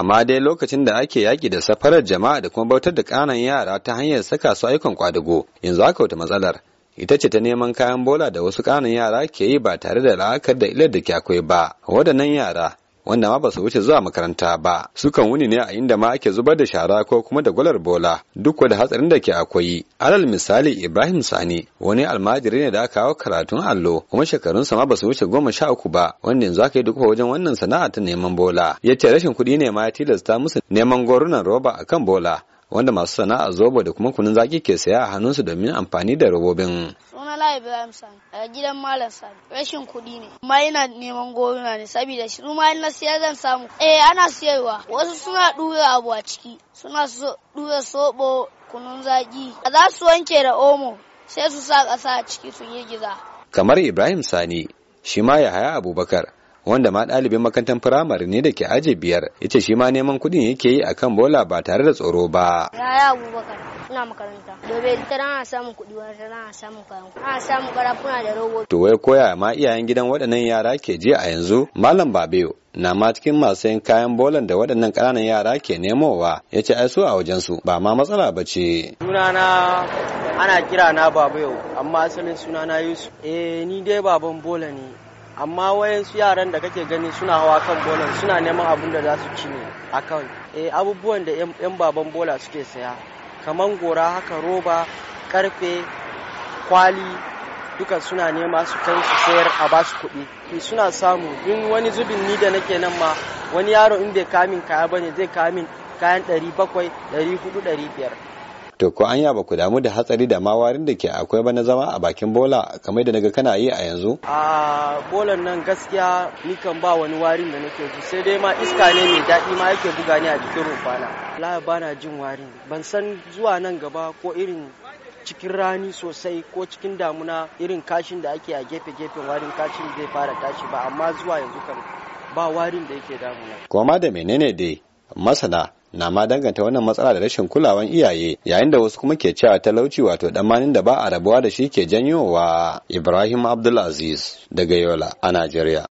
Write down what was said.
amma dai lokacin da ake yaƙi da safarar jama'a da kuma bautar da ƙananan yara ta hanyar saka su ayyukan kwadago yanzu aka wata matsalar ita ce ta neman kayan bola da wasu ƙananan yara ke yi ba tare da la'akar da ilar da ke akwai ba waɗannan yara wanda ma ba su wuce zuwa makaranta ba sukan wuni ne a inda ma ake zubar da shara ko kuma da gwalar bola duk da hatsarin da ke akwai alal misali ibrahim sani wani almajiri ne da aka kawo karatun allo kuma shekarunsa ma ba su wuce goma sha uku ba wanda yanzu aka yi duk wajen wannan sana'a ta neman bola ya ce rashin kuɗi ne ma ya tilasta musu neman gorunan roba akan bola wanda masu sana'a zobo da kuma kunun zaki ke saya a hannunsu domin amfani da robobin. na Ibrahim Sani a gidan Malam Sani. Rashin kuɗi ne. Amma yana neman goruna ne saboda shi ruma in na siyar zan samu. Eh ana siyarwa. Wasu suna ɗura abu a ciki. Suna so ɗura soɓo kunun zaki. Za su wanke da omo sai su sa ƙasa a ciki su giza. Kamar Ibrahim Sani shi ma ya haya Abubakar wanda ma ɗalibin makantan firamare ne da ke ajiye biyar ita shi ma neman kuɗin yake yi akan bola ba tare da tsoro ba. Yaya Abubakar. ina makaranta dobe ita ana samun kuɗi wata ana samun kayan ana samun karafuna da rogo to wai koya ma iyayen gidan waɗannan yara ke ji a yanzu malam Babeo na ma cikin masu yin kayan bolan da waɗannan ƙananan yara ke nemowa ya ce aiso su a wajensu ba ma matsala ba ce sunana ana kira na Babeo amma asalin sunana yusuf eh ni dai baban bola ne amma wayansu yaran da kake gani suna hawa kan bolan suna neman abin da za su ci ne a kan eh, abubuwan da 'yan baban bola suke saya kamar gora haka roba karfe kwali duka suna nema su kai su sayar a basu kuɗi suna samu in wani zubin ni da nake nan ma wani yaro in bai kamin kaya bane zai kamin kayan 700 400 biyar. to ko anya ba ku damu da hatsari da ma warin da ke akwai ba na zama a bakin bola kamar da naga kana yi a yanzu a bolan nan gaskiya ni kan ba wani warin da nake ji sai dai ma iska ne mai daɗi ma yake buga ni a jikin rumfana la bana jin warin ban san zuwa nan gaba ko irin cikin rani sosai ko cikin damuna irin kashin da ake a gefe-gefen warin kashin zai fara tashi ba amma zuwa yanzu kan ba warin da yake damuna. Koma da menene dai masana na ma danganta wannan matsala da rashin kulawan iyaye yayin da wasu kuma ke cewa talauci wato damanin da ba a rabuwa da shi ke janyowa Ibrahim Abdulaziz daga Yola a Najeriya